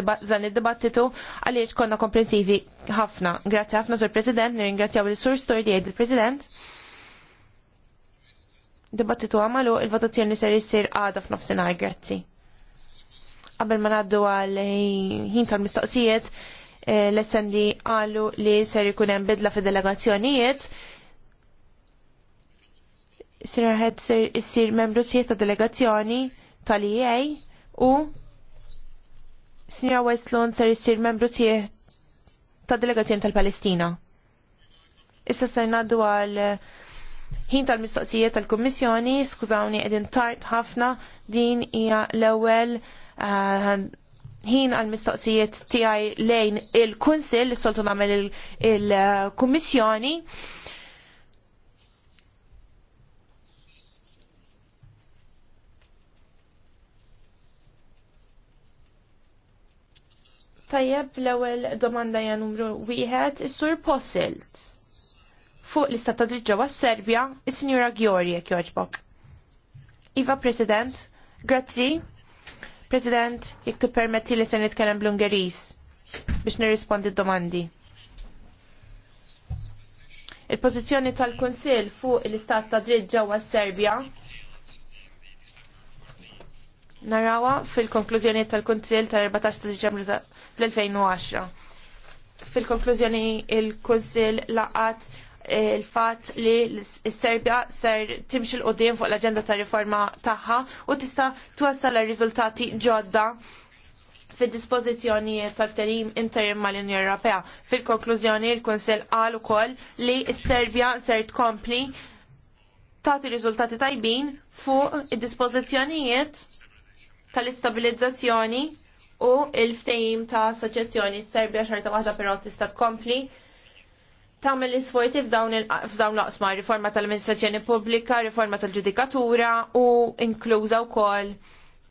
dan il-dibattitu għaliex konna komprensivi ħafna. Grazzi ħafna sur President, nirringrazzjaw il-Sur Story di il-President. Dibattitu għamalu il-votazzjoni ser jissir għada f'nofsinhar, grazzi. Qabel ma ngħaddu għal ħin tal-mistoqsijiet, eh, l-essendi għalu li ser jkun hemm bidla fid-delegazzjonijiet. Sir Hed ser issir membru Sijiet ta' delegazzjoni tal ia u Sinja Westlund ser jisir membru tieħ ta' delegazzjoni tal-Palestina. Issa ser naddu għal eh, ħin tal-mistoqsijiet tal-Kummissjoni, skużawni qegħdin tard ħafna din hija l-ewwel eh, ħin għal mistoqsijiet tiegħi lejn il-Kunsill, soltu nagħmel il-Kummissjoni. il kunsill soltu nagħmel il eh, kummissjoni il soltu nagħmel il kummissjoni Tajjeb l-ewwel domanda hija numru wieħed is-sur Possilt. Fuq l-istat ta' driġġa was Serbja, is-Sinjura Gjorje jogħġbok. Iva President, grazzi. President, jekk tippermetti li se nitkellem bl-Ungeris biex nirrispondi d-domandi. Il-pożizzjoni tal-Kunsill fuq l-istat ta' dritt ġewwa Serbja narawa fil-konklużjoni tal kunsill tal-14 ta' Diċembru fl-2010. Fil-konklużjoni il kunsill laqat eh, il-fat li s-Serbja ser timxi l-qoddim fuq l-agenda ta' riforma tagħha u tista' twassal riżultati ġodda fid dispożizzjonijiet tal-terim interim mal-Unjoni Ewropea. Fil-konklużjoni il-Kunsel qal ukoll li s-Serbja ser tkompli tagħti riżultati tajbin fuq id-dispożizzjonijiet tal-istabilizzazzjoni u il-ftejim ta' soċjazzjoni Serbia xorta waħda però tista' tkompli tagħmel isforzi f'dawn f'dawn laqsma riforma tal-amministrazzjoni pubblika, riforma tal-ġudikatura u inkluża wkoll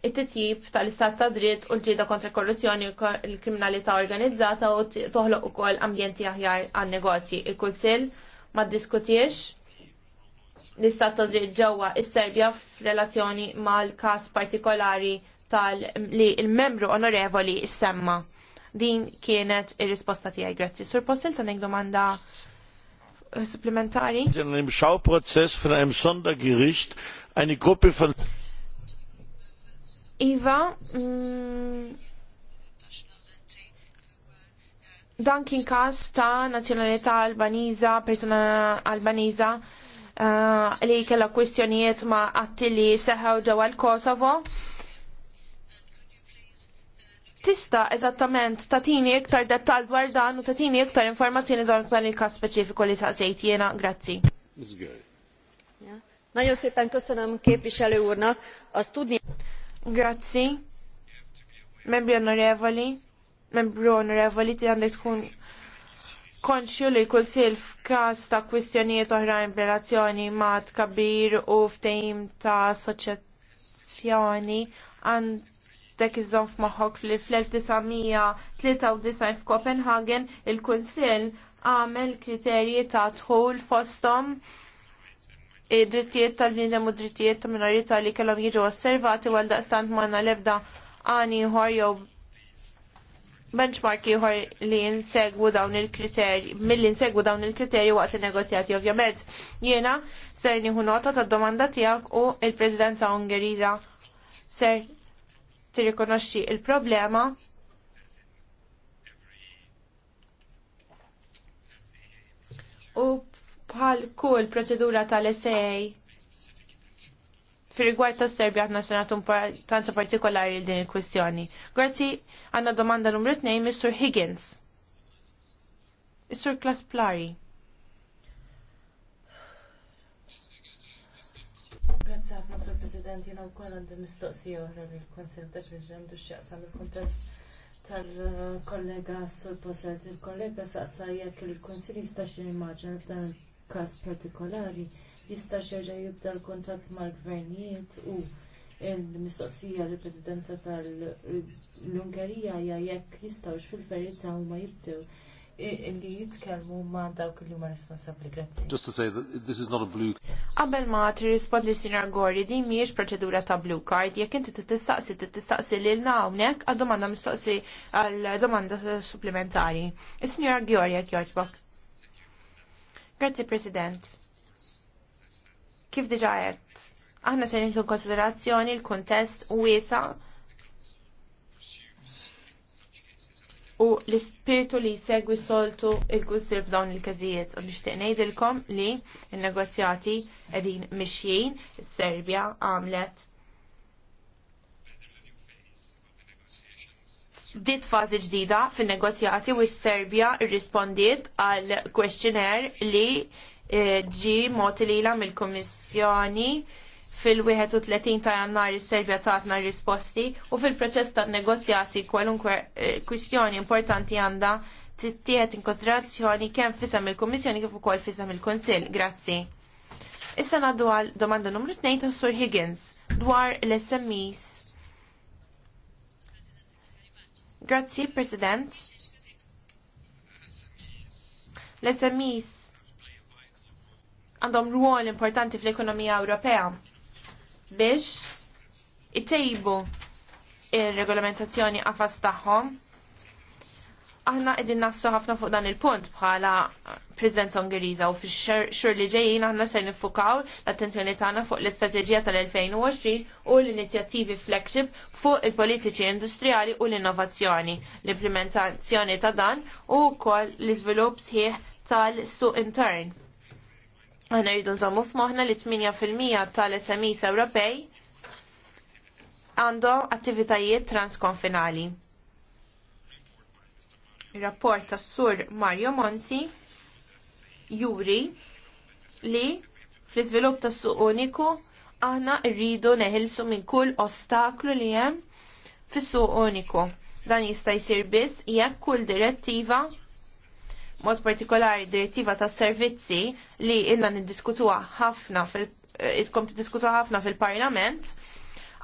it-titjib tal-istat ta' dritt u l ġida kontra korruzzjoni u l-kriminalità organizzata u toħloq ukoll ambjenti aħjar għan negozji. Il-Kunsill ma diskutiex l-istat ta' ġewwa s serbja f'relazzjoni mal-każ partikolari tal li l-membru onorevoli semma. Din kienet ir-risposta tiegħi. Grazzi. Sur Postil tanek domanda supplementari. In einem Schauprozess von einem Sondergericht eine Gruppe von Iva, mm, dan kien każ ta' nazzjonalità Albaniza, persona albaniża Eh, li kella kwistjonijiet ma għatti li seħaw ġewwa l-Kosovo. Tista eżattament tatini iktar dettal dwar dan u tatini iktar informazzjoni dwar dan il-kas speċifiku li saqsejt jiena, grazzi. Nagyon szépen köszönöm képviselő úrnak. Azt tudni... Grazzi. Membri onorevoli, membri onorevoli, ti għandek tkun konxju li kull sil f'każ ta' kwistjonijiet oħrajn b'relazzjoni ma' tkabbir u f'tejm ta' soċjazzjoni għandek iżżomm f'moħħok li fl-1993 f'Copenhagen il-Kunsill għamel kriterji ta' tħul fosthom id-drittijiet tal-bniedem u drittijiet ta' minorità li kellhom jiġu osservati għal daqstant ma' nalebda għani ħor jew benchmark ieħor li jinsegwu dawn il-kriterji, milli insegwu dawn il-kriterji waqt il-negozjati ovvjament. Jiena ser nieħu nota tad domanda tiegħek u l presidenza Ungeriża ser tirrikonoxxi l problema u bħal kull proċedura tal-SA fi rigward ta' Serbia għatna senat importanza partikolari l din il kwestjoni Grazzi, għanna domanda numru 2, Mr. Higgins. Mr. Klasplari. Grazzi għafna, Sur President, jina u koll għandem mistoqsija uħra l-konsil dak li ġemdu xieqsam il-kontest tal-kollega Sur Poset. Il-kollega saqsa jek il-konsil jistax immaġna f'dan każ partikolari jista' xerġa' jibda l-kuntatt mal-gvernijiet u il-mistoqsija li presidenta tal-Ungerija hija jekk jistgħux fil-verità huma jibdew li jitkellmu ma' dawk li huma responsabbli grazzi. Just to say that this is not a blue Qabel ma tirrispondi Sinar Gori din mhijiex proċedura ta' blue card, jekk inti tistaqsi tistaqsi l hawnhekk għad domanda mistoqsi għal domanda supplementari. Is-Sinjora Gjorja jekk Grazie, President. Kif diġajet? għedt, aħna se nintu konsiderazzjoni l-kuntest wiesa u l-ispirtu li segwi soltu il-kussir b'dawn il-każijiet. U nixtieq ngħidilkom li n-negozjati qegħdin mixjin, is-Serbja għamlet bdiet fażi ġdida fin-negozjati u s-Serbja rrispondiet għal questionnaire li eh, ġi mod lilha mill-Kummissjoni fil-31 ta' jannar is-Serbja tatna risposti u fil-proċess ta' negozjati kwalunkwe eh, kwistjoni importanti għandha tittieħed in konsiderazzjoni kemm fisem il-Kummissjoni kif ukoll fisem il-Kunsill. Grazzi. Issa ngħaddu għal domanda numru 2 ta' Sur Higgins dwar l-SMEs Grazzi, President. L-SMEs għandhom ruol importanti fl-ekonomija Ewropea biex it-tejbu il-regolamentazzjoni għafas tagħhom aħna qegħdin nafsu ħafna fuq dan il-punt bħala President Ungheriża u fix-xhur li ġejjin aħna se nifukaw l-attenzjoni tagħna fuq l-istrateġija tal-2020 u l-inizjattivi flagship fuq il-politiċi industrijali u l-innovazzjoni, l-implementazzjoni ta' dan u wkoll l-iżvilupp sħiħ tal-suq intern. Aħna rridu nżommu f'moħħna li 8% tal-SMEs Ewropej għandhom attivitajiet transkonfinali rapport tas sur Mario Monti juri li fl-iżvilupp tas suq uniku aħna rridu neħilsu minn kull ostaklu li hemm fis-suq uniku. Dan jista' jsir biss jekk kull direttiva mod partikolari direttiva tas servizzi li illa niddiskutuha ħafna fil eh, iskom tiddiskutuha ħafna fil-Parlament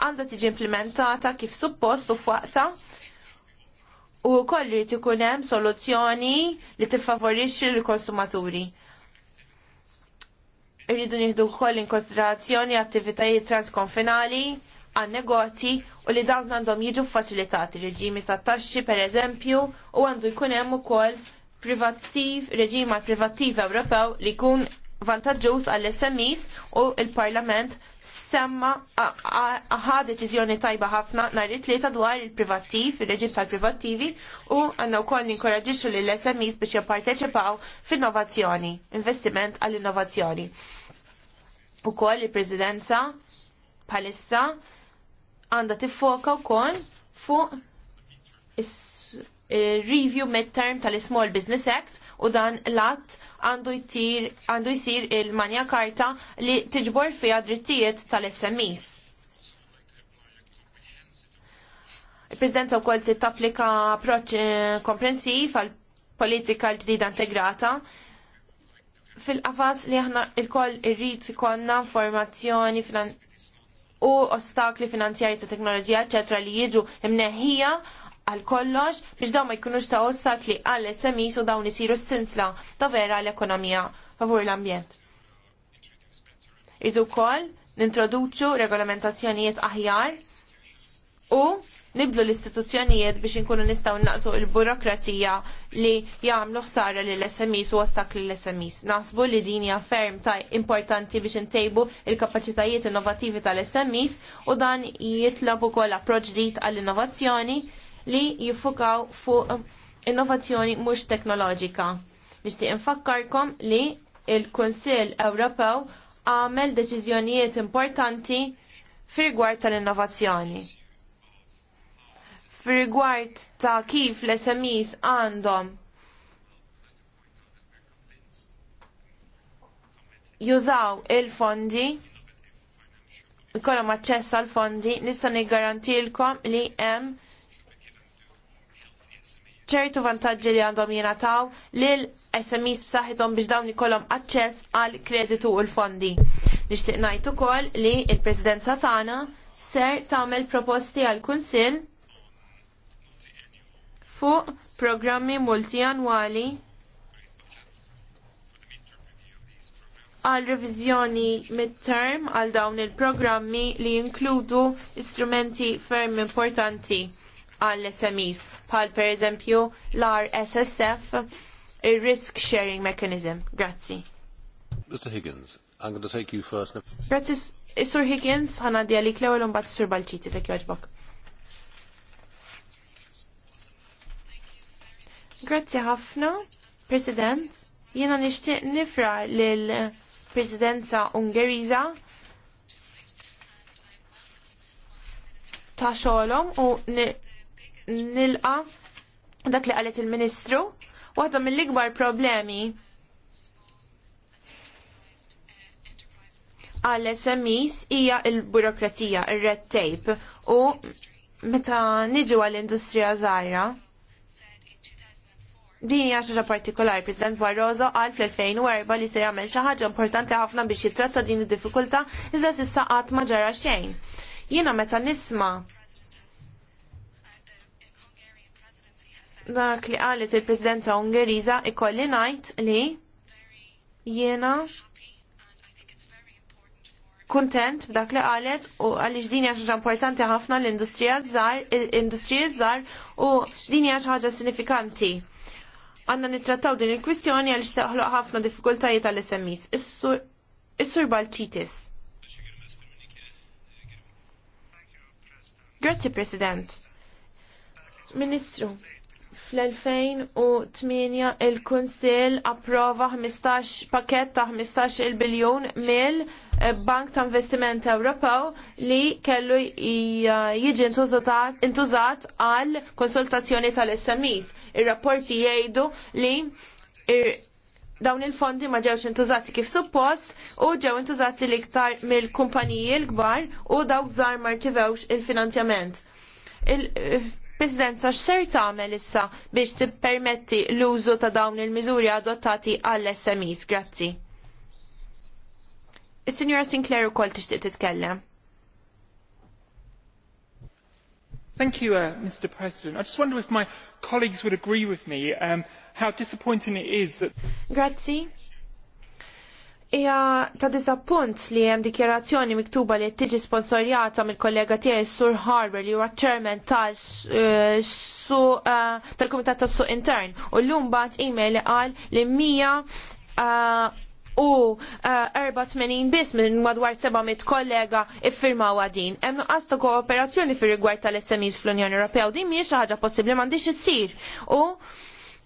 għandha tiġi implementata kif suppost u f'waqta u koll li ikun hemm soluzzjoni li tiffavorixxi il konsumaturi Irridu nieħdu wkoll in konsiderazzjoni attivitajiet transkonfinali għan negozji u li dawn għandhom jiġu faċilitati reġimi ta' taxxi pereżempju u għandu jkun hemm ukoll privattiv, reġima privattiv Ewropew li jkun vantaġġuż għall smes u l-Parlament semma ħa deċiżjoni tajba ħafna nhar it-tlieta dwar il-privattiv, ir-reġim tal-privattivi u għandna wkoll ninkoraġixxu lill SMEs biex jipparteċipaw f'innovazzjoni, investiment għall-innovazzjoni. Ukoll il-Presidenza bħalissa għandha tiffoka wkoll fuq review midterm tal-Small Business Act u dan l-att għandu jsir il-manja karta li tiġbor fiha drittijiet tal-SMEs. Il-President u kol t-tapplika approċ eh, komprensiv għal politika l-ġdida integrata fil-qafas li aħna il-koll irrid konna formazzjoni u ostakli finanzjari ta' teknoloġija, eccetera, li jiġu imneħħija għal kollox biex dawn ma jkunux ta' ostakli għal SMEs u dawn isiru sinsla ta' vera l-ekonomija favur l-ambjent. Irdu kol, nintroduċu regolamentazzjonijiet aħjar u niblu l-istituzzjonijiet biex inkunu nistaw naqsu il-burokrazija li jagħmlu ħsara l SMEs u ostakli l SMEs. Nasbu li din hija ferm ta' importanti biex intejbu il-kapaċitajiet innovattivi tal-SMEs u dan jitlob ukoll approċ dit għall-innovazzjoni li jiffukaw fuq innovazzjoni mhux teknoloġika. Nixtieq infakkarkom li il-Kunsill Ewropew għamel deċiżjonijiet importanti fir-rigward tal-innovazzjoni. Fir-rigward ta' kif l smis għandhom jużaw il-fondi kolom aċċess għal fondi nista' niggarantilkom li hemm ċertu vantaġġi li għandhom jenataw lil SMEs b'saħħithom biex dawn ikollhom aċċess għal kreditu u l-fondi. Nixtieq ngħid ukoll li l-Presidenza tagħna ser tagħmel proposti għal kunsill fuq programmi multianwali għal revizjoni mid-term għal dawn il-programmi li jinkludu istrumenti ferm importanti għall SMEs, pal per eżempju l-RSSF, il-Risk Sharing Mechanism. Grazzi. Mr. Higgins, I'm going to take you first. Grazzi, Sur Higgins, ħana di għalik l-ewel un bat Sur Balċiti, sekk joġbok. Grazzi ħafna, President. Jena nishtiq nifra l-Presidenza Ungeriza ta' xolom u nilqa dak li qalet il-Ministru, waħda mill-ikbar problemi għal SMEs hija il-burokratija, il-red tape u meta niġu għall-industrija żgħira. Din hija ħaġa partikolari, President Barroso għal fl-2004 li se jagħmel xi ħaġa importanti ħafna biex jitratta din id-diffikultà iżda s'issa qatt ma ġara xejn. Jiena meta nisma' dak li qalet il-Presidenza Ungeriża ikolli ngħid li jiena kuntent b'dak li qalet u għaliex din hija xi ħaġa importanti ħafna l-industrija żgħar, industrija żgħar u din hija xi ħaġa sinifikanti. Għandna nittrattaw din il-kwistjoni għaliex taħloq ħafna diffikultajiet għall smis Is-sur Balċitis. Grazzi President. Ministru, fl-2008 il-Kunsil approva 15 pakket ta' 15 il biljun mill-Bank eh, ta' Investiment Ewropew li kellu eh, jiġi intużat għal konsultazzjoni tal-SMEs. Ir-rapporti jgħidu li dawn il-fondi ma ġewx intużati kif suppost u ġew intużati l-iktar mill-kumpaniji l-kbar u dawk żgħar ma il finanzjament Presidenza x'ser tagħmel issa biex tippermetti l-użu ta' dawn il-miżuri adottati għall-SMEs. Grazzi. Is-Sinjora Sinclair ukoll tixtieq titkellem. Thank you, uh, Mr. President. I just wonder if my colleagues would agree with me um, how disappointing it is that... Grazie. Ija ta' disappunt li hemm dikjerazzjoni miktuba li tiġi sponsorjata mill-kollega tiegħi Sur Harbour li huwa chairman eh, eh, tal-Kumitat tal tas-Suq Intern u llum bagħat email li qal li mija eh, u 84 biss minn madwar 700 kollega iffirmaw din. Hemm nuqqas ta' kooperazzjoni fir rigward tal-SMEs fl-Unjoni Ewropea u din mhijiex ħaġa possibbli m'għandix issir. U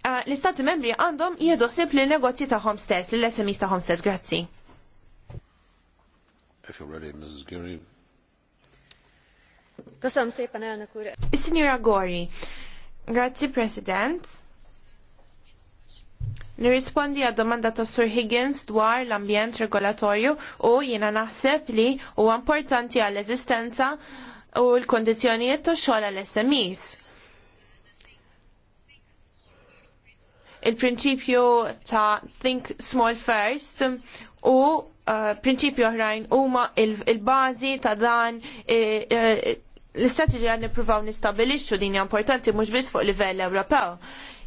Ah, l-istati membri għandhom jiedu sepp li negozji ta' homestess li l-SMIs ta' stess, grazzi. If you're ready, Mrs. Gary. Kusam sejpan għalna kura. Signora Gori, grazzi President. Nirrispondi għad domanda ta' Sur Higgins dwar l-ambjent regolatorju u jiena naħseb li huwa importanti għall eżistenza u l-kondizjonijiet ta' xogħol għall SMEs. il-prinċipju ta' think small first u uh, prinċipju oħrajn huma il-bażi ta' dan l l-istrateġija nippruvaw nistabilixxu din hija importanti mhux biss fuq livell Ewropew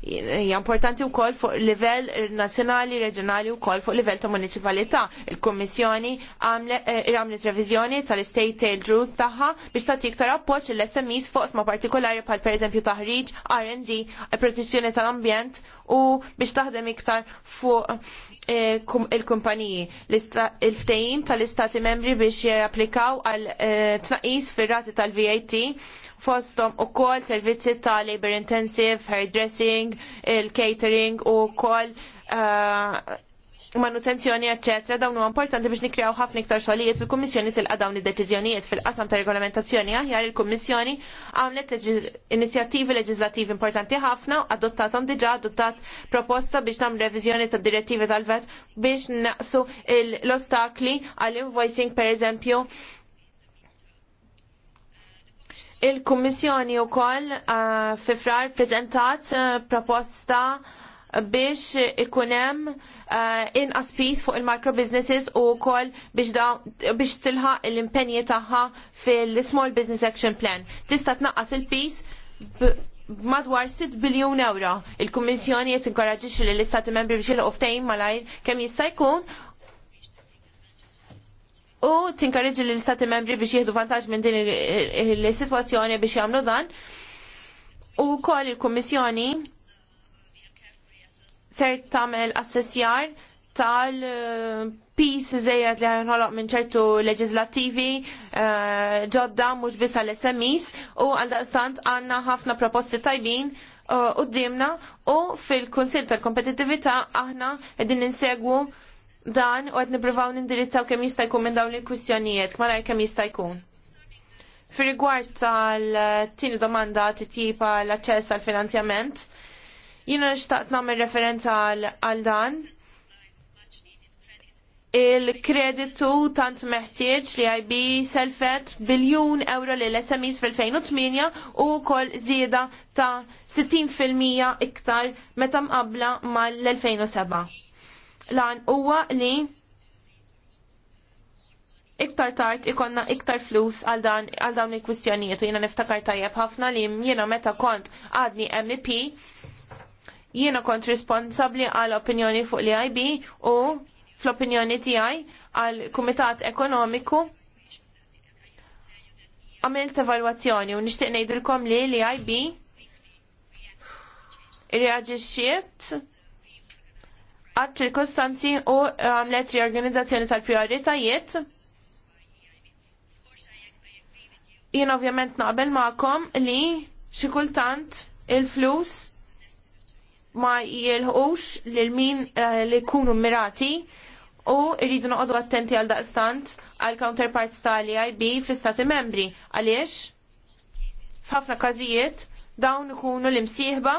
hija importanti wkoll fuq livell nazzjonali, reġjonali wkoll fuq livell ta' municipalità. Il-Kummissjoni eh, għamlet reviżjoni tal-State Aid Route tagħha biex tagħti iktar appoġġ il-SMEs fuq ma' partikolari bħal pereżempju taħriġ, R&D, protezzjoni tal-ambjent u biex taħdem iktar fuq Eh, il-kumpaniji il-ftejim tal-istati membri biex japplikaw għal eh, tnaqis fir-rati tal-VAT fostom u kol servizzi ta' labor intensive, hairdressing, il-catering u kol eh, manutenzjoni, eccetera, dawn huwa importanti biex nikrew ħafna iktar xogħlijiet il-Kummissjoni tilqa' dawn id-deċiżjonijiet fil-qasam ta' regolamentazzjoni aħjar il-Kummissjoni għamlet inizjattivi leġislativi importanti ħafna, adottatom diġà adottat proposta biex nagħmlu reviżjoni tad direttivi tal-vet biex naqsu l-ostakli għall-invoicing pereżempju. il-Kummissjoni wkoll uh, fi frar uh, proposta biex ikunem uh, inqas pis fuq il-micro businesses u kol biex, da, biex tilħa l-impenji taħħa fil-Small Business Action Plan. Tista tnaqqas il-pis madwar 6 biljun euro. Il-Kummissjoni qed inkoraġġix li l-Istati Membri biex jilqu ftehim malajr kemm jista' jkun u tinkoraġġi l-Istati Membri biex jieħdu vantaġġ minn din is-sitwazzjoni biex jagħmlu dan. U kol il kommissjoni ser tagħmel assessjar tal-pis eh, zejed li ħanħolok minn ċertu leġizlativi eh, ġodda mhux biss l smis u għaldaqstant għandna ħafna proposti tajbin eh, u d-dimna u fil konsil tal-Kompetitività aħna qegħdin ninsegwu dan u qed nippruvaw nindirizzaw kemm jista' jkun minn dawn il-kwistjonijiet, kemm kemm jista' jkun. rigward tal-tieni domanda t-tipa l-aċċess għal finanzjament, Jina nishtaqt namel referenza għal dan. Il-kreditu tant meħtieġ li IB selfet biljun euro li l-SMEs fil-2008 u kol zjeda ta' 60% iktar meta mqabla mal-2007. Lan huwa li iktar tard ikonna iktar flus għal dawn il-kwistjonijiet u jina niftakar tajjeb ħafna li jina meta kont għadni MEP Jiena kont responsabbli għal opinjoni fuq li IB u fl-opinjoni tiegħi għal Kumitat Ekonomiku għamilt evalwazzjoni u nixtieq ngħidilkom li li IB reaġixxiet għad ċirkostanzi u għamlet riorganizzazzjoni tal-prioritajiet. Jien ovvjament naqbel ma'kom li xi kultant il-flus ma jilħux lil min eh, li jkunu mirati u rridu noqogħdu attenti għal daqstant għal counterparts tal-IB fl-istati membri. Għaliex? F'ħafna każijiet dawn ikunu l-imsieħba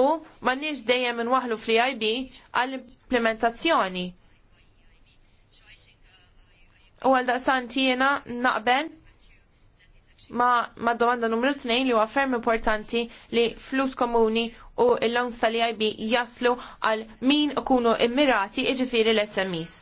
u m'għandniex dejjem waħlu fl-IB għall-implementazzjoni. U għal daqstant jiena naqbel ma, ma domanda numru 2 li huwa ferm importanti li flus komuni u l lawn tal-EIB jaslu għal min ikunu immirati iġifiri l sms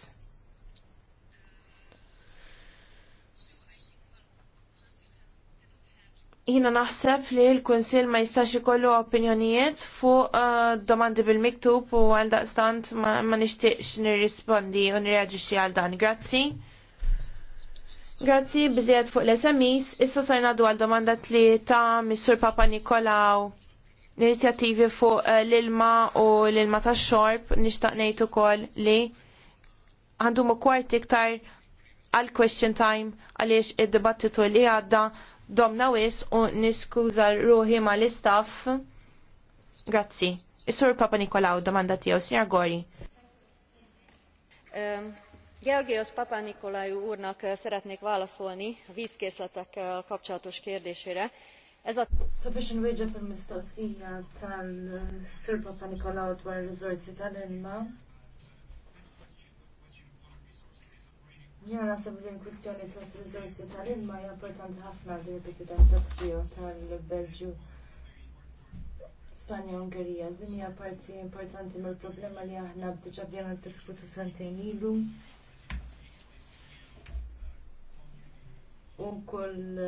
jina naħseb li l-Kunsil ma jistax ikollu opinjonijiet fuq uh, domandi bil-miktub u għal daqstant ma, ma nishtiqx nirrispondi u nirreagġixxi għal dan. Grazzi. Grazzi bizzijad fuq l-SMIs. Issa sajna għal domanda li ta' Missur Papa Nikolaw l-inizjattivi fuq eh, l-ilma u l-ilma tax xorb nixtaq ngħid ukoll li għandhom ukwart iktar għal question time għaliex id-dibattitu li għadda domna wis u niskuża ruħi ma l-istaff. Grazzi. Is-sur Papa Nikolaw domanda tiegħu, Sinjar Gori. Um. Georgios Nikolaj úrnak eh, szeretnék válaszolni a vízkészletekkel eh, kapcsolatos kérdésére. Eżatt. Sabiex nwieġa fil-mistoqsija tal-Sur Papa Nikolaw dwar il-rizorsi tal-ilma. Jena nasab din kwistjoni tas rizorsi tal-ilma hija importanti ħafna din il-presidenza tal-Belġu. Spanja Ungerija. Din hija parti importanti mill-problema li aħna bdiġa bdejna diskutu sentejn ilu. U koll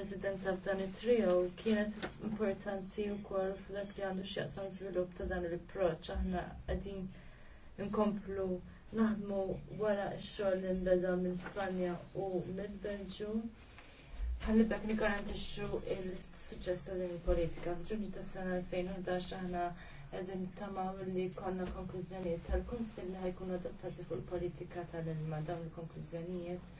il-presidenza f'dan it-trio kienet importanti wkoll f'dak li għandu x'jaqsam żvilupp ta' dan l-approċċ aħna qegħdin nkomplu naħdmu wara x-xogħol li nbeda minn Spanja u mill-Belġju. Ħallibek nikarantixxu il-suċċess ta' din il-politika. F'Ġunju tas-sena 2011 aħna qegħdin tamaw li konna konklużjonijiet tal-Konsil li ħajkunu adottati fuq il-politika tal-ilma dawn il-konklużjonijiet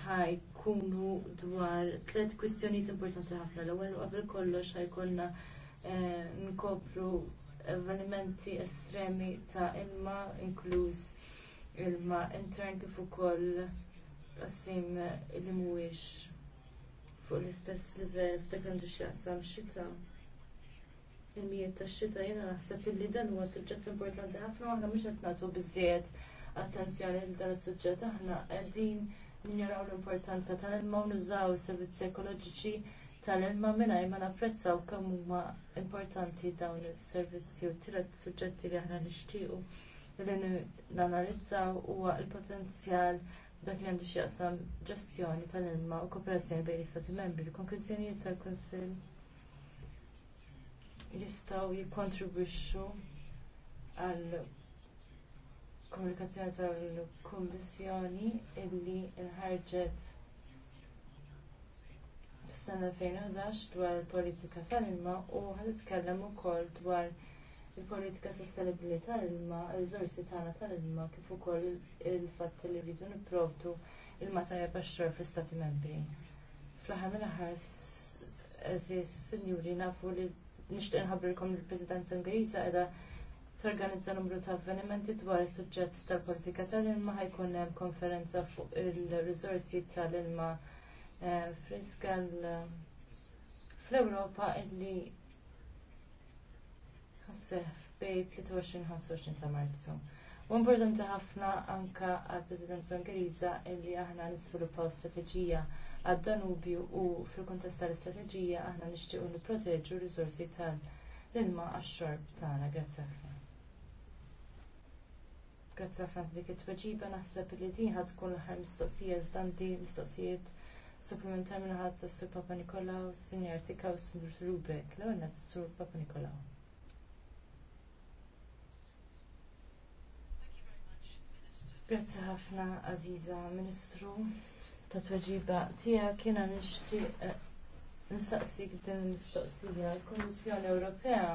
ħajkunu dwar tliet kwistjonijiet importanti ħafna. L-ewwel qabel kollox ħajkonna eh, nkopru avvenimenti estremi ta' ilma inkluż ilma intern kif ukoll qasim li mhuwiex fuq l-istess livell f'dak għandu x'jaqsam xita il-mijiet ta' xita jiena naħseb illi dan huwa suġġett importanti ħafna u aħna mhux qed nagħtu biżżejjed attenzjoni lil dan is-suġġett aħna qegħdin Njaraw l-importanza tal-ilma u nużaw servizzi ekoloġiċi tal-ilma mingħajr ma napprezzaw kemm huma importanti dawn is-servizzi u tielet suġġetti li aħna nixtiequ li nanalizzaw huwa l-potenzjal dak li għandu x'jaqsam ġestjoni tal-ilma u kooperazzjoni bejn l-Istati membri. Il-konklużjonijiet tal-Kunsill jistgħu jikkontribwixxu għal komunikazzjoni tal-Kummissjoni illi nħarġet fis-sena 2011 dwar il-politika tal-ilma u ħad itkellem ukoll dwar il-politika sostenibili tal-ilma, il riżorsi tagħna tal-ilma kif ukoll il-fatt li rridu nipprovdu ilma tajjeb għax-xor fl-Istati Membri. Fl-aħħar mill-aħħar eżis sinjuri nafu li nixtieq nħabbrilkom lill presidenza Ingliża qiegħda torganizza numru ta' avvenimenti dwar is-suġġett tal-politika tal-ilma ħajkun hemm konferenza fuq il-riżorsi tal-ilma eh, friska eh, fl-Ewropa illi ħasseħ bej 23-25 ta' Marzu. U importanti ħafna anke għall presidenza Ungheriża illi aħna nisviluppaw strateġija għad Danubju u fil-kontest tal-istrateġija aħna nixtiequ nipproteġu r-riżorsi tal-ilma għax-xorb tagħna. Grazzi ħafna. Grazzi ħafna dik it-tweġiba naħseb li din ħad tkun l-aħħar mistoqsija żdandi mistoqsijiet supplementar minn ħadd tas-Sur Papa Nikolaw, Sinjar Tika u Sindur Rubek, l-ewwel nagħti sur Papa Nikolaw. Grazzi ħafna Aziza Ministru ta' tweġiba tiegħek jiena nixtieq eh, nsaqsik din il-mistoqsija. Il-Kummissjoni Ewropea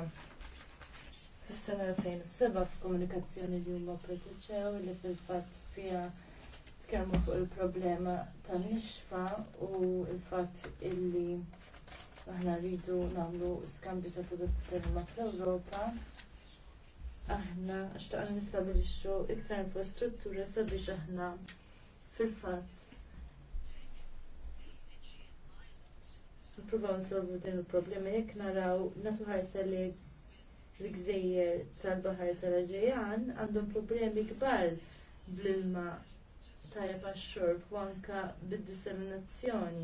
fis-sena 2007 f'komunikazzjoni li huma produċew li fil-fatt fiha tkellmu fuq il-problema tan-nixfa u l-fatt illi aħna rridu nagħmlu skambju ta' prodotti tal fl-Ewropa. Aħna xtaqna nistabilixxu iktar infrastruttura sabiex aħna fil-fatt Nipruvaw nsolvu din il-problema jekk naraw natu ħarsa l-gżejjer tal-Bahar tal-Aġejan għandhom problemi kbar bl-ilma tajjeb għax-xorb u anke bid-disseminazzjoni.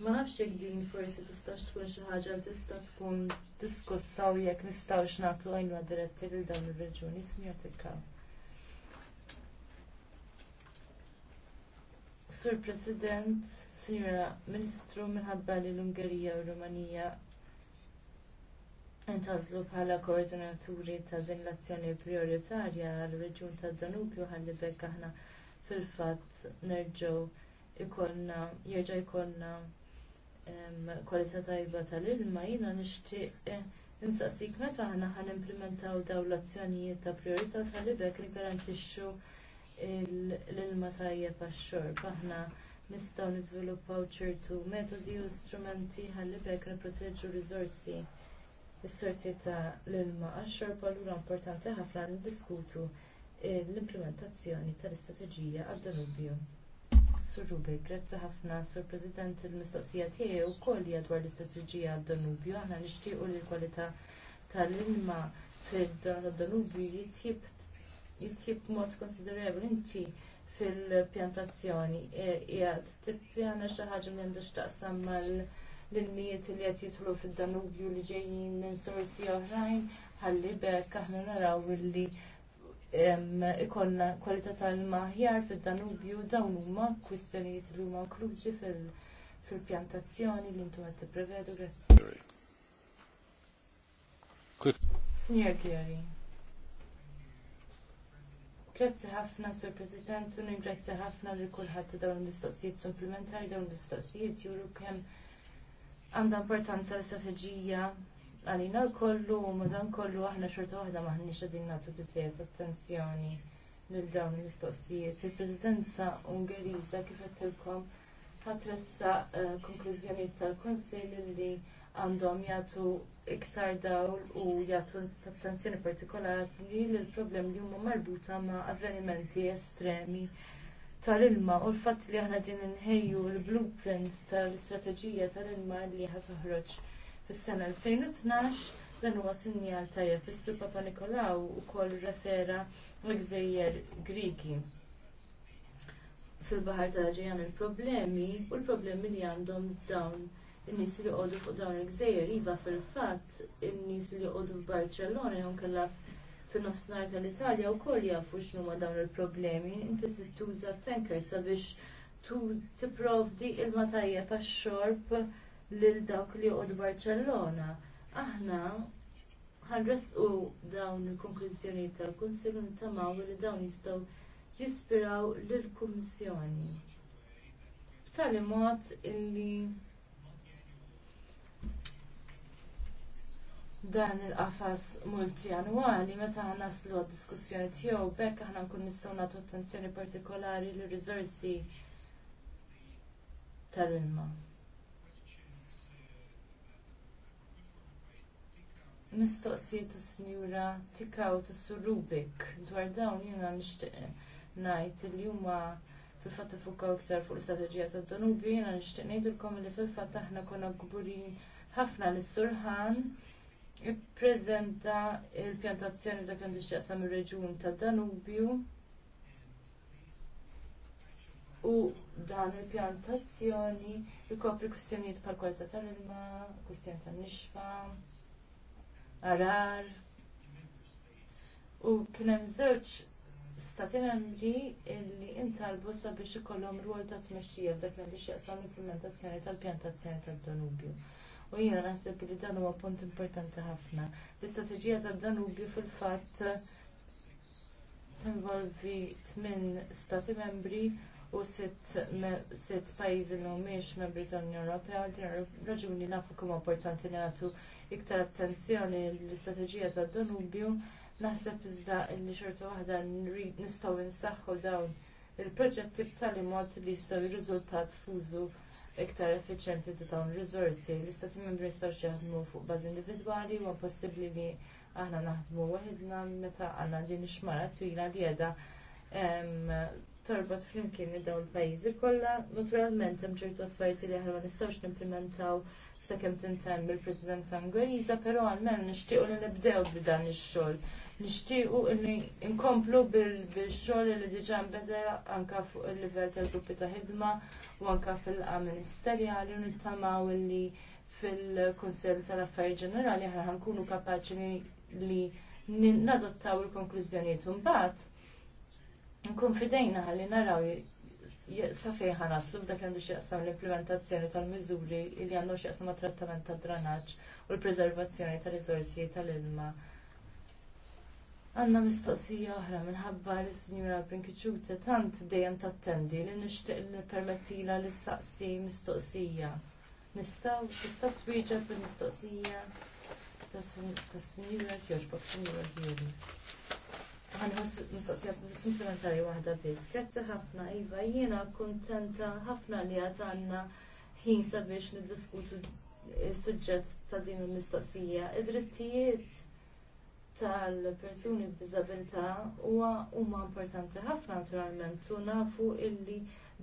Ma nafx jekk din forsi tistax tkun xi ħaġa li tista' tkun diskussa u jekk nistgħux nagħtu għajnuna diretti lil dawn ir-reġuni smjatika. Sur President, Sinjora Ministru minħabba li l-Ungerija u Rumanija Intazlu bħala koordinaturi ta' din l-azzjoni prioritarja għal reġun ta' Danubju ħalli bekk aħna fil-fatt nerġgħu ikollna jerġa' jkollna kwalità tajba tal-ilma jiena nixtieq eh, Insaqsik meta aħna ħan implementaw dawn l-azzjonijiet ta' priorità tal-ibek li garantixxu l-ilma tajjeb għax-xorb. Aħna nistgħu niżviluppaw ċertu metodi u strumenti ħallibek nipproteġu riżorsi is-sorsi ta' l-ilma għax-xorb allura importanti ħafna niddiskutu eh, l-implementazzjoni tal-istrateġija għad-Danubju. Sur Rubi, grazzi ħafna, Sur President, il-mistoqsija tiegħi wkoll hija dwar l-istrateġija għad-Danubju, aħna nixtiequ li l-kwalità tal-ilma fil-żona tad-Danubju jitjib mod konsidervoli inti fil-pjantazzjoni qiegħed eh, tippjana xi ħaġa li għandha x'taqsam mal- l inmijiet li qed jidħlu fid-Danubju li ġejjin minn sorsi oħrajn ħalli bekk aħna naraw li ikonna kwalità tal-ilma aħjar danubju dawn huma kwistjonijiet li huma inklużi fil-pjantazzjoni li intom qed tipprevedu. Grazzi. Signor Gary. Grazzi ħafna, Sir President, u ringrazzi ħafna li kulħadd dawn l-istoqsijiet supplementari, dawn l-istoqsijiet juru kemm għandha importanza l-istrateġija għalina l-kollu, madan kollu aħna xorta waħda maħniex għadin nagħtu biżżejjed attenzjoni lil dawn il-mistoqsijiet. Il-Presidenza Ungheriża kif għedtilkom ħatressa eh, konklużjonijiet tal konsil li għandhom jagħtu iktar dawl u jagħtu attenzjoni partikolari lill problem li huma marbuta ma' avvenimenti estremi tal-ilma u l-fatt li aħna din nħejju l-blueprint tal-istrateġija tal-ilma li ħatoħroġ fis-sena 2012 dan huwa sinjal tajjeb is-Sur Papa Nikolaw ukoll refera l-Gżejjer Grigi fil-baħar ta' ġejjan il-problemi u l-problemi li għandhom dawn in-nies li għodu fuq dawn il-gżejjer iva fil-fatt in-nies li jqogħdu f'Barċellona jew kellha fin-nofsinhar tal-Italja wkoll jafu ma dawn il-problemi. Inti trid tuża tanker sabiex tipprovdi ilma tajjeb għax-xorb lil dawk li joqgħod Barcellona. Aħna ħanresqu dawn il konklużjoni tal-Kunsill u nittamaw li dawn jistgħu jispiraw lill-Kummissjoni. B'tali mod illi dan il-qafas multianwali meta naslu għad-diskussjoni tiegħu bekk aħna nkun nistgħu nagħtu attenzjoni partikolari lir riżorsi tal-ilma. Mistoqsijiet tas Sinjura Tikaw tas Surubik dwar dawn jiena nixtieq ngħid li huma fil-fatt ifukaw iktar fuq l-istrateġija tad-Danubi jiena nixtieq ngħidulkom li fil-fatt aħna konna kburin ħafna lis-surħan ippreżenta l pjantazzjoni dak għandu xieqsam ir-reġjun ta' Danubju u dan il-pjantazzjoni jkopri kwistjonijiet bħal kwalità tal-ilma, kwistjoni tan-nixfa, arar. U kien hemm żewġ stati membri li intalbu sabiex ikollhom rwol ta' tmexxija f'dak li għandu xieqsam l-implementazzjoni tal-pjantazzjoni tad-Danubju. tal pjantazzjoni tad danubju tad danubju u jiena naħseb li dan huwa punt importanti ħafna. L-istrateġija tad-Danubju fil-fatt tinvolvi tmien stati membri u sitt pajjiżi li mhumiex membri tal-Unjoni Ewropea għal raġuni nafu kemm importanti li nagħtu iktar attenzjoni l-istrateġija tad-Danubju naħseb iżda li xorta waħda nistgħu nsaħħu dawn il-proġetti b'tali mod li jistgħu jirriżultat fużu iktar effiċjenti ta' dawn riżorsi. L-istati membri jistgħu jaħdmu fuq bażi individwali u possibbli li aħna naħdmu waħedna meta għandna din ix-xmara twila li għedha torbot flimkien minn dawn il-pajjiżi kollha. Naturalment hemm ċertu affarijiet li aħna ma nistgħux nimplementaw sakemm tintemm il-Presidenza Ungeriża, però għalmen nixtiequ li nibdew b'dan ix-xogħol nixtiequ illi nkomplu bil-xogħol li diġa' nbeda anke fuq il-livell tal-gruppi ta' ħidma u anke fil-qa ministerjali u nittamaw illi fil-Kunsell tal-Affarijiet Ġenerali aħna ħankunu kapaċi li nadottaw il-konklużjonijiet mbagħad. nkun fidejna ħalli naraw sa fejn naslu f'dak li għandu xieqsam l-implementazzjoni tal-miżuri li xjaqsam xieqsam trattament tad dranaġġ u l-preservazzjoni tal-riżorsi tal-ilma Għanna mistoqsija oħra minħabba li s-Sinjura Brinkiċuta tant dejjem tattendi li nixtieq li permettila li saqsi mistoqsija. Nistaw, tista' twieġeb il-mistoqsija tas-Sinjura Kjoġbok, Sinjura Kjoġbok. Għanna mistoqsija supplementari waħda biss. Grazzi ħafna, Iva, jiena kuntenta ħafna li għad għandna ħin sabiex niddiskutu s-suġġett ta' din il-mistoqsija. Id-drittijiet tal-persuni b'diżabilità huwa huma importanti ħafna naturalment u nafu illi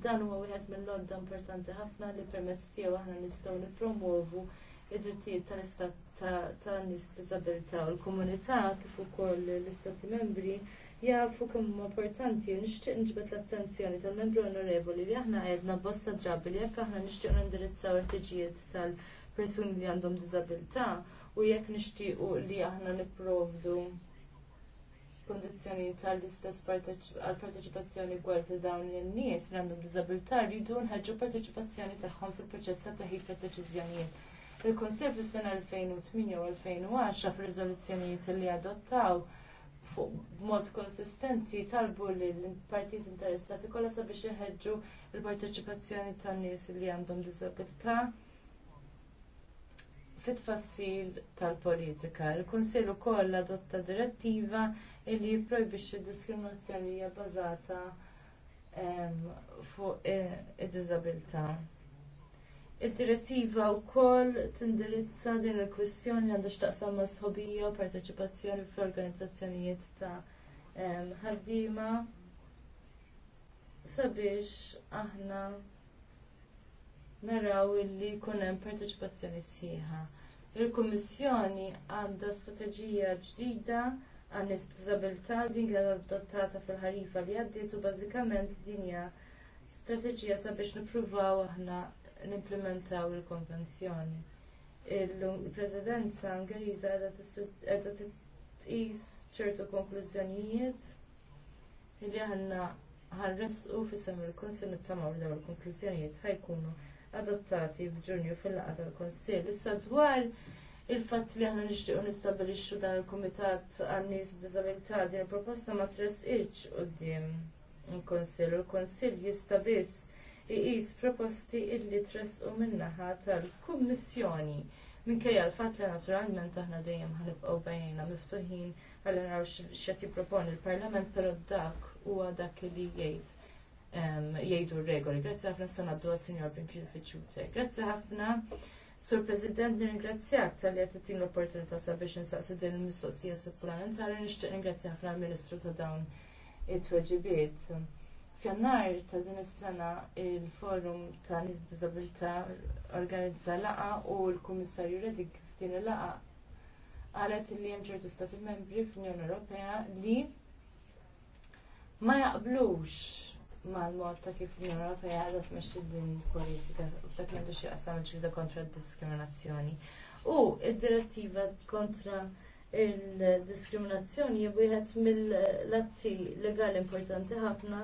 dan huwa wieħed mill-lodda importanti ħafna li permezz tiegħu aħna nistgħu nippromovu id-drittijiet tal-istat tan-nies b'diżabilità u l-komunità kif ukoll l-istati membri jafu kemm huma importanti u nixtieq nġbed l-attenzjoni tal-membru onorevoli li aħna għedna bosta drabi li jekk aħna nixtieq nindirizzaw il tiġijiet tal- persuni li għandhom diżabilità u jekk nixtiequ li aħna nipprovdu kondizjoni tal-istess għal-parteċipazzjoni gwar ta' dawn il-nies li għandhom diżabilità rridu nħeġġu parteċipazzjoni tagħhom fil-proċess ta' taħid tad deċiżjonijiet. Il-Konsil fis-sena 2008 u 2010 f'riżoluzzjonijiet li adottaw fuq mod konsistenti talbu li l-partijiet interessati kollha sabiex iħeġġu l-parteċipazzjoni tan-nies li għandhom diżabilità fit tfassir tal-politika. Il-Kunsill ukoll adotta direttiva li jipprojbixxi diskriminazzjoni hija bbażata ehm, fuq eh, id-diżabilità. Id-direttiva wkoll tindirizza din il-kwistjoni għandha x'taqsam ma' sħobija u parteċipazzjoni fl-organizzazzjonijiet ta' ehm, ħaddiema sabiex aħna naraw li jkun hemm parteċipazzjoni sħiħa il-Kummissjoni għandha strateġija ġdida għan nies b'diżabilità din kienet adottata fil-ħarifa li għaddiet u bażikament din hija strateġija sabiex nippruvaw aħna nimplementaw il-konvenzjoni. Il-Presidenza Ungheriża qiegħda tqis ċertu konklużjonijiet li aħna ħarresqu fisem il-Kunsil nittamaw dawn il-konklużjonijiet ħajkunu adottati f'Ġunju fil-laqgħa tal-Kunsill. Issa dwar il-fatt li aħna nixtiequ nistabilixxu dan il-Kumitat għan-nies b'diżabilità din il-proposta ma tresqilx quddiem il-Kunsill u l-Kunsill jista' biss iqis proposti illi tresqu min-naħa tal-Kummissjoni. Minkejja l-fatt li naturalment aħna dejjem ħanibqgħu bejjina miftuħin għal naraw x'qed jipproponi l-Parlament però dak huwa dak li jgħid jgħidu r-regoli. Grazzi ħafna sanaddu għas-Sinjor Binkil Grazzi ħafna. Sur President, nirringrazzjak tal-li għattin l-opportunità sabiex nsaqsi din il-mistoqsija supplementari, nixtieq ringrazzja ħafna l-Ministru ta' dawn it-tweġibiet. Fjannar ta' din is-sena il-Forum ta' Nies Biżabilità organizza laqa u l-Kummissarju Redik f'din il-laqa qalet li hemm ċertu stati membri fl-Unjoni Ewropea li ma jaqblux mal-mod ta' kif l-Unjoni Ewropea għadha tmexxi din il-politika ta' li għandu xi qasam il-ġilda kontra d-diskriminazzjoni. U id-direttiva kontra il-diskriminazzjoni wieħed mill latti legali importanti ħafna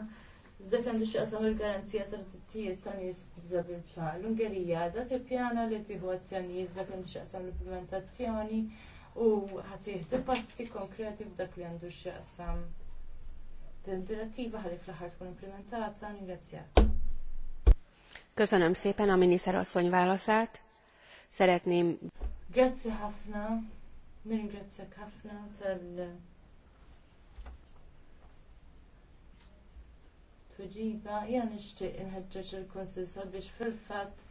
dak għandu xi qasam il-garanzija ta' drittijiet ta' nies b'żabilità. L-Ungerija għadha tippjana li tieħu azzjonijiet dak għandu xi qasam l-implementazzjoni u ħatieħdu passi konkreti f'dak li għandu xi qasam din direttiva ħalli fl-aħħar tkun implementata, ningrazzjak. Köszönöm szépen a miniszterasszony válaszát. Szeretném... Grazie ħafna, grazie ħafna tal... Tweġiba, jgħan nixtieq inħeġġeġ il-konsilsa biex fil fatt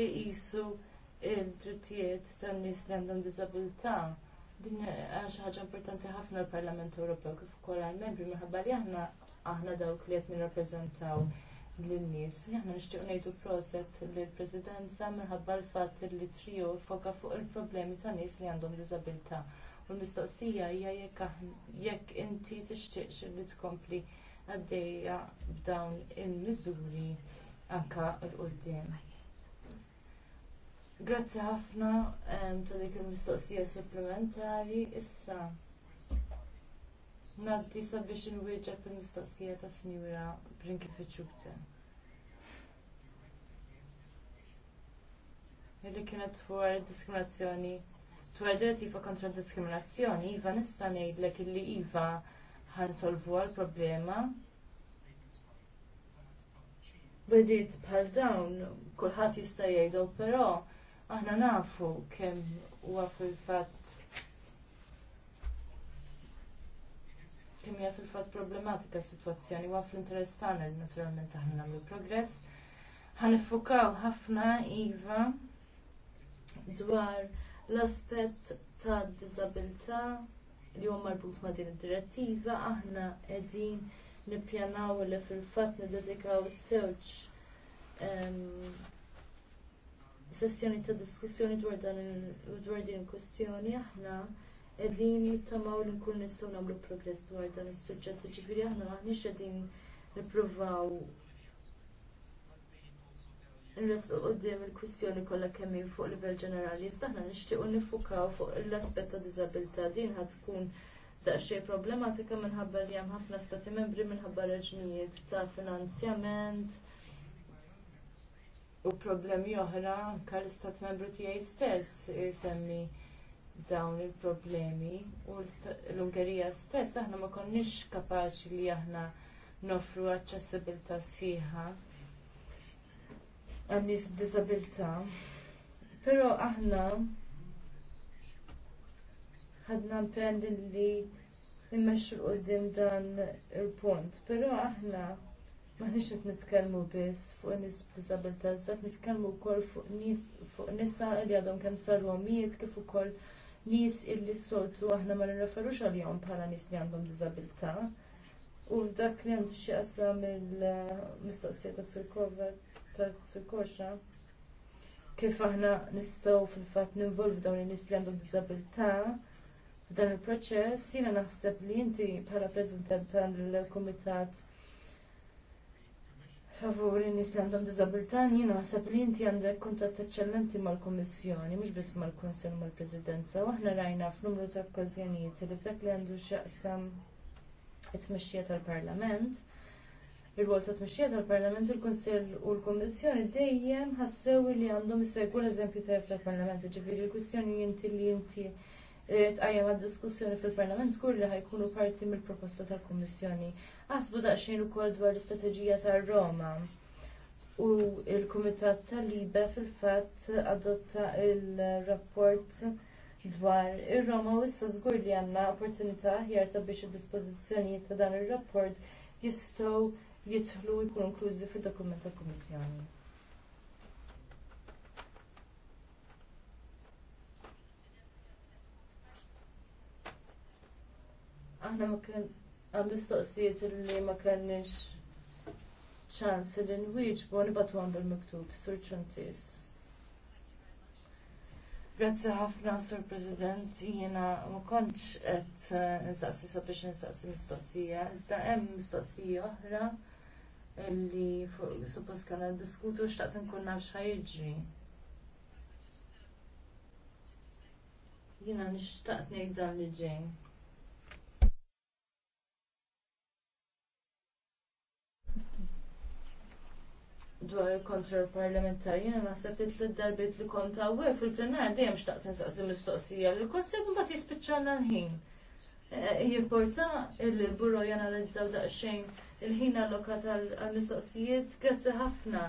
jiqisu il-drittijiet tan nies li għandhom diżabilità Din xi ħaġa importanti ħafna l-Parlament Ewropew kif ukoll għall-membri minħabba li aħna aħna dawk li qed nirrappreżentaw lin-nies. Aħna nixtieq ngħidu proset lill-Presidenza minħabba l-fatt li trio foka fuq il-problemi ta' nies li għandhom diżabilità. U l-mistoqsija hija jekk inti tixtieqx li tkompli għaddejja b'dawn il-miżuri anke l-qudiem. Grazzi ħafna ta' dik il-mistoqsija supplementari issa. nanti sabiex il il-mistoqsija ta' Sinjura Brinki Fiċukte. Illi kienet dwar diskriminazzjoni dwar direttiva kontra diskriminazzjoni, Iva nista' ngħidlek illi Iva ħansolvu għal problema Bdiet bħal dawn kulħadd jista' jgħidu, però Aħna nafu kemm huwa fil-fatt kemm hija fil-fatt problematika s-sitwazzjoni huwa fl-interess tagħna li naturalment aħna nagħmlu progress. Ħanifukaw ħafna iva dwar l-aspett ta' diżabilità li huwa marbut ma' din id-direttiva aħna qegħdin nippjanaw li fil-fatt niddedikaw is-sewġ ehm, sessjoni ta' diskussjoni dwar din il kwistjoni aħna qegħdin nittamaw li nkun nistgħu nagħmlu progress dwar dan is-suġġett. ġifiri aħna maħniex qegħdin nippruvaw nresqu quddiem il-kwistjoni kollha kemm fuq livell ġenerali, iżda aħna nixtiequ nifukaw fuq l-aspett ta' diżabilità din ħad tkun daqsxejn problematika minħabba li hemm ħafna stati membri minħabba reġnijiet ta' finanzjament u problemi oħra anke l-istat membru tiegħi stess isemmi dawn il-problemi u l-Ungerija stess aħna ma konniex kapaċi li aħna nofru aċċessibilità sħiħa għan-nies b'diżabilità. Però aħna ħadna impenn li immexxu l dan il-punt, però aħna Maħniex qed nitkellmu biss fuq nies b'diżabilità, iżda nitkelmu nitkellmu wkoll fuq nies fuq nisa li għadhom kemm sarru għamijiet kif ukoll nies illi s-soltu aħna ma nirreferux jom bħala nis li għandhom diżabilità. U f'dak li għandu xi qasam il-mistoqsija ta' Surkova ta' Surkoxa kif aħna nistgħu fil-fatt ninvolvu dawn in-nies li għandhom diżabilità f'dan il-proċess, jiena naħseb li inti bħala preżentant tal-Kumitat favur in-nies li għandhom diżabilità jien naħseb li inti għandek kuntatt eċċellenti mal-Kummissjoni, mhux biss mal-Kunsell mal-Presidenza, u aħna rajna f'numru ta' okkażjonijiet li f'dak li għandu x'aqsam it-tmexxija tal-Parlament. Il-wol ta' tmexxija tal-Parlament il-Kunsell u l-Kummissjoni dejjem ħassew li għandhom isegwu l-eżempju tajjeb tal-Parlament, ġifiri l-kwistjoni inti li inti tqajjem għad-diskussjoni fil-Parlament żgur li ħajkunu parti mill-proposta tal-Kummissjoni. Asbu daqsxejn ukoll dwar l-istrateġija tar-Roma u l-Kumitat tal-Libe fil-fatt adotta il-rapport dwar ir-Roma u issa żgur li għandna opportunità ħjar sabiex id-dispożizzjonijiet ta' dan ir-rapport jistgħu jidħlu jkunu inklużi fid-dokument tal-Kummissjoni. aħna ma kien għal-mistoqsijiet li ma kenniex ċans li nwieġbu nibatu għan bil-miktub, sur ċuntis. Grazzi ħafna, sur President, jiena ma kontx qed eh, nsaqsi sabiex nsaqsi mistoqsija, iżda hemm mistoqsija oħra li suppost kellna diskutu xtaqt nkun naf x'ħajġri. Jiena nixtaqt ngħid dan li ġej. dwar il kontrol parlamentari, jena naħseb li t-darbit li kont għawek fil-plenar dejjem xtaqt nsaqsi mistoqsija li l-konsil bat jispiċċalna l-ħin. Jimporta il-buro janalizzaw daqsxejn il-ħin allokat għal-mistoqsijiet, grazzi ħafna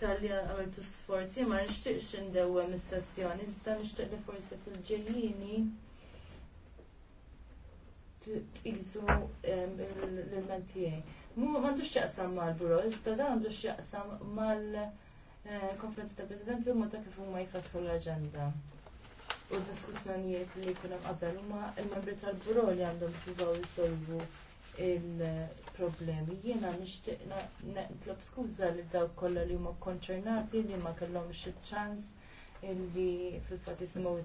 tal-li għamiltu sforzi, ma nixtieqx indewwem is-sessjoni, iżda nixtieq li forsi fil-ġejjini tqisu l-mentijaj. Mu għandu x'jaqsam mal-buro, iżda dan għandu x'jaqsam mal-konferenza ta' presidenti u ta' kif huma jfassu l-aġenda. U d diskussjonijiet li jkun hemm qabel huma il-membri tal-buro li għandhom jippruvaw jisolvu il-problemi. Jiena nixtieq nitlob skuża li dawk kollha li huma konċernati li ma kellhomx iċ-ċans illi fil-fatt